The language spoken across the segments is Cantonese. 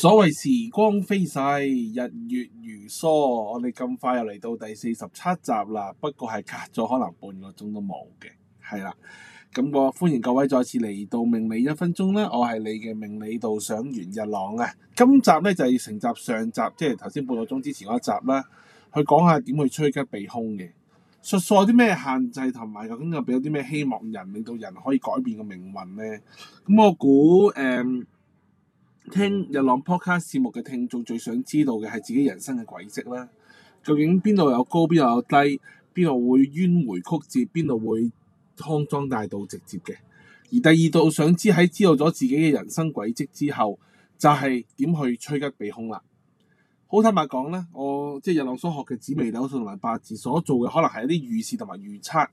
所謂時光飛逝，日月如梭，我哋咁快又嚟到第四十七集啦。不過係隔咗可能半個鐘都冇嘅，係啦。咁我歡迎各位再次嚟到命理一分鐘啦，我係你嘅命理導賞袁日朗啊。今集咧就係、是、成集上集，即係頭先半個鐘之前嗰一集啦。去講下點去趨吉避凶嘅，術數有啲咩限制同埋究竟又俾咗啲咩希望人，令到人可以改變個命運呢？咁我估誒。嗯聽日朗 podcast 節目嘅聽眾最想知道嘅係自己人生嘅軌跡啦，究竟邊度有高，邊度有低，邊度會迂迴曲折，邊度會康莊大道直接嘅。而第二度想知喺知道咗自己嘅人生軌跡之後，就係、是、點去趨吉避凶啦。好坦白講呢，我即係日朗所學嘅紫微斗數同埋八字所做嘅，可能係一啲預示同埋預測，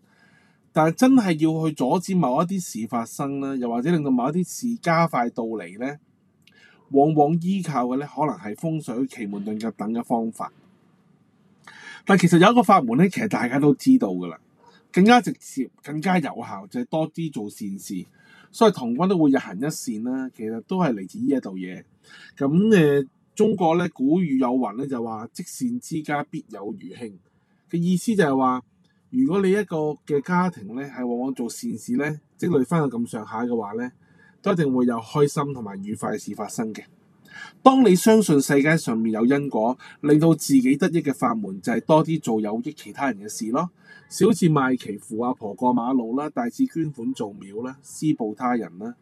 但真係要去阻止某一啲事發生咧，又或者令到某一啲事加快到嚟呢。往往依靠嘅咧，可能係風水、奇門遁甲等嘅方法。但其實有一個法門咧，其實大家都知道噶啦，更加直接、更加有效就係、是、多啲做善事。所以童軍都會日行一善啦，其實都係嚟自呢一度嘢。咁、嗯、誒，中國咧古語有云咧，就話積善之家必有餘慶。嘅意思就係話，如果你一個嘅家庭咧，係往往做善事咧，積累翻去咁上下嘅話咧。都一定會有開心同埋愉快嘅事發生嘅。當你相信世界上面有因果，令到自己得益嘅法門就係、是、多啲做有益其他人嘅事咯。小至賣旗扶阿婆過馬路啦，大至捐款做廟啦、施報他人啦。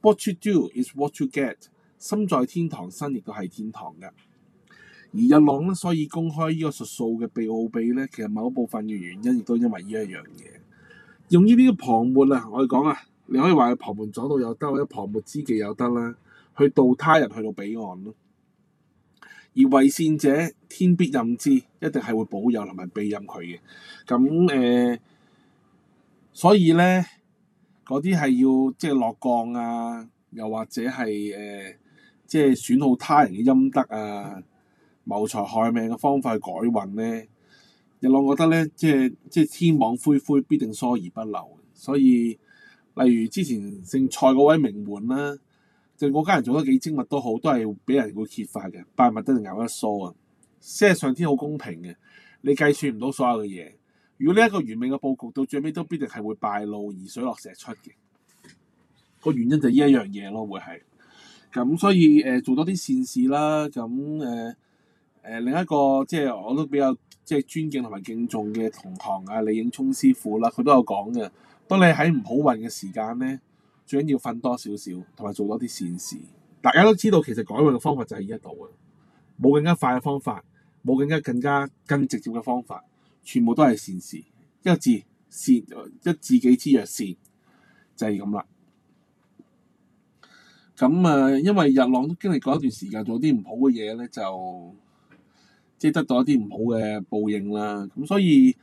What you do is what you get。心在天堂，身亦都係天堂嘅。而日朗呢，所以公開呢個術數嘅秘奧秘呢，其實某部分嘅原因亦都因為呢一樣嘢。用呢啲嘅旁沒啊，我哋講啊。你可以話係旁門左道又得，或者旁門之技又得啦，去渡他人去到彼岸咯。而為善者，天必任之，一定係會保佑同埋庇佑佢嘅。咁誒、呃，所以咧，嗰啲係要即係落降啊，又或者係誒、呃，即係損耗他人嘅陰德啊，謀財害命嘅方法去改運咧。日朗覺得咧，即係即係天網恢恢，必定疏而不漏，所以。例如之前姓蔡嗰位名門啦、啊，就嗰家人做得幾精密都好，都係俾人會揭發嘅，拜物都係咬一梳啊！即係上天好公平嘅，你計算唔到所有嘅嘢。如果呢一個完美嘅佈局，到最尾都必定係會敗露而水落石出嘅。個原因就呢一樣嘢咯，會係。咁所以誒、呃，做多啲善事啦。咁誒誒，另一個即係我都比較即係尊敬同埋敬重嘅同行啊，李應聰師傅啦，佢都有講嘅。當你喺唔好運嘅時間呢，最緊要瞓多少少，同埋做多啲善事。大家都知道，其實改運嘅方法就係呢一度嘅，冇更加快嘅方法，冇更加更加更直接嘅方法，全部都係善事。一個字善，一字記之曰善，就係咁啦。咁啊，因為日浪都經歷過一段時間做啲唔好嘅嘢呢，就即係、就係、得到一啲唔好嘅報應啦。咁所以。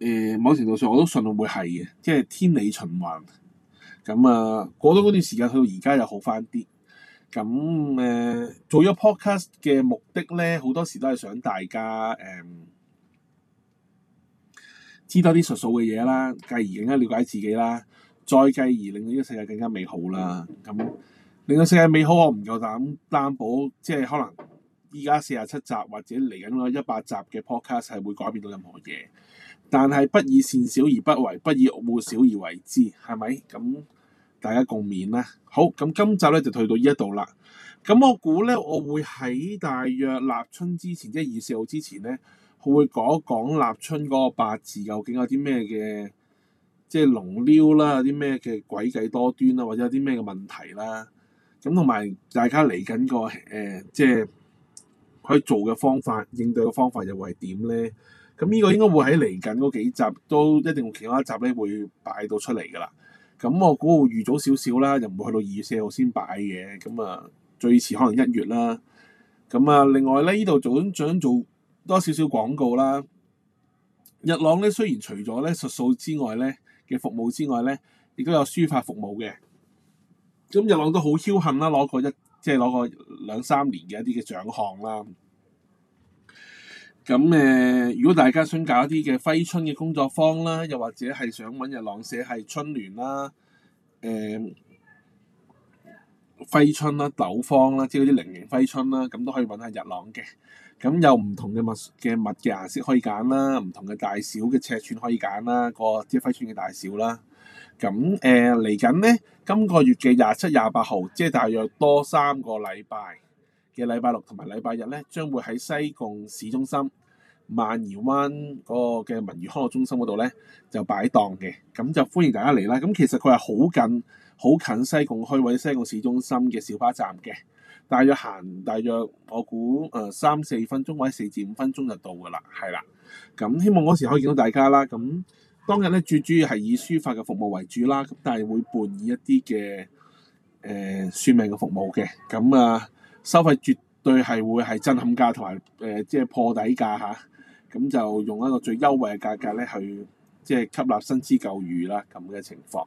誒、呃、某程度上我都信會係嘅，即係天理循環咁啊。過咗嗰段時間去到而家又好翻啲。咁誒、啊、做咗 podcast 嘅目的咧，好多時都係想大家誒、嗯、知多啲術數嘅嘢啦，繼而更加了解自己啦，再繼而令到呢個世界更加美好啦。咁令到世界美好，我唔夠膽擔保，即係可能依家四十七集或者嚟緊嗰一百集嘅 podcast 係會改變到任何嘢。但係不以善小而不為，不以惡小而為之，係咪？咁大家共勉啦。好，咁今集咧就退到呢一度啦。咁我估呢，我會喺大約立春之前，即係二四號之前咧，會講一講立春嗰個八字究竟有啲咩嘅，即係龍溜啦，有啲咩嘅詭計多端啦，或者有啲咩嘅問題啦。咁同埋大家嚟緊個誒，即係可以做嘅方法，應對嘅方法又會係點呢？咁呢個應該會喺嚟緊嗰幾集都一定一會，其他集咧會擺到出嚟㗎啦。咁我估會預早少少啦，又唔會去到二月四號先擺嘅。咁、嗯、啊，最遲可能一月啦。咁、嗯、啊，另外咧，呢度做緊做多少少廣告啦。日朗咧，雖然除咗咧術數之外咧嘅服務之外咧，亦都有書法服務嘅。咁、嗯、日朗都好僥倖啦，攞過一即係攞過兩三年嘅一啲嘅獎項啦。咁誒、呃，如果大家想搞一啲嘅揮春嘅工作坊啦，又或者係想揾日朗寫係春聯啦，誒、呃，揮春啦、斗方啦，即係啲菱形揮春啦，咁都可以揾下日朗嘅。咁有唔同嘅物嘅物嘅顏色可以揀啦，唔同嘅大小嘅尺寸可以揀啦，個即係揮春嘅大小啦。咁誒，嚟、呃、緊呢，今個月嘅廿七、廿八號，即係大約多三個禮拜嘅禮拜六同埋禮拜日呢，將會喺西貢市中心，萬怡灣嗰個嘅文娛康樂中心嗰度咧，就擺檔嘅，咁就歡迎大家嚟啦。咁其實佢係好近，好近西貢區或者西貢市中心嘅小巴站嘅，大約行大約我估誒三四分鐘或者四至五分鐘就到㗎啦，係啦。咁希望嗰時可以見到大家啦。咁當日咧，最主要係以書法嘅服務為主啦，但係會伴以一啲嘅誒算命嘅服務嘅。咁啊、呃，收費絕對係會係震撼價同埋誒即係破底價嚇。咁就用一個最優惠嘅價格咧，去即係吸納新知舊餘啦，咁嘅情況。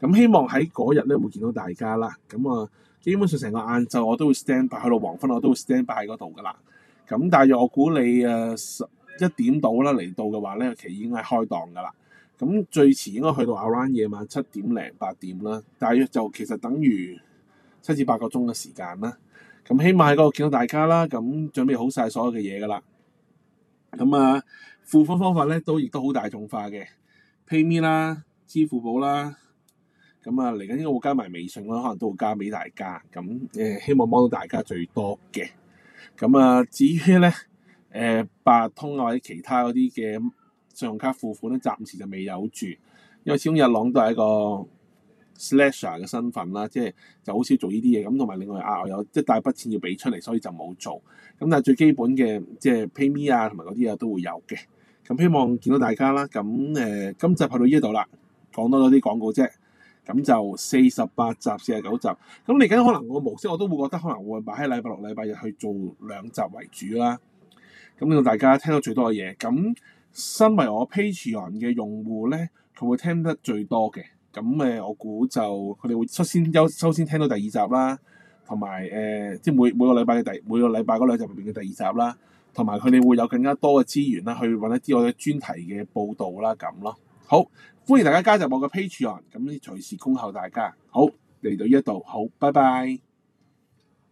咁希望喺嗰日咧會見到大家啦。咁啊，基本上成個晏晝我都會 stand by，去到黃昏我都會 stand by 喺嗰度㗎喇。咁大約我估你誒十一點到啦嚟到嘅話咧，其實已經係開檔㗎喇。咁最遲應該去到 around 夜晚七點零八點啦。大約就其實等於七至八個鐘嘅時,時間啦。咁希望喺嗰度見到大家啦。咁準備好晒所有嘅嘢㗎喇。咁啊，付款方法咧都亦都好大眾化嘅，PayMe 啦、Pay Me, 支付寶啦，咁啊嚟緊應該會加埋微信啦，可能都會加俾大家。咁誒希望幫到大家最多嘅。咁啊，至於咧誒八通或者其他嗰啲嘅信用卡付款咧，暫時就未有住，因為始終日朗都係一個。Slasher 嘅身份啦，即係就好少做呢啲嘢，咁同埋另外啊，我有一大筆錢要俾出嚟，所以就冇做。咁但係最基本嘅，即係 PayMe 啊，同埋嗰啲啊都會有嘅。咁希望見到大家啦。咁誒、呃，今集去到呢度啦，講多咗啲廣告啫。咁就四十八集、四十九集。咁嚟緊可能個模式我都會覺得可能會擺喺禮拜六、禮拜日去做兩集為主啦。咁令到大家聽到最多嘅嘢。咁身為我 Patreon 嘅用戶咧，佢會聽得最多嘅。咁誒，我估就佢哋會首先優優先聽到第二集啦，同埋誒，即係每每個禮拜嘅第每個禮拜嗰兩集入邊嘅第二集啦，同埋佢哋會有更加多嘅資源啦，去揾一啲我嘅專題嘅報導啦咁咯。好，歡迎大家加入我嘅 Patreon，咁隨時恭候大家。好，嚟到呢度，好，拜拜。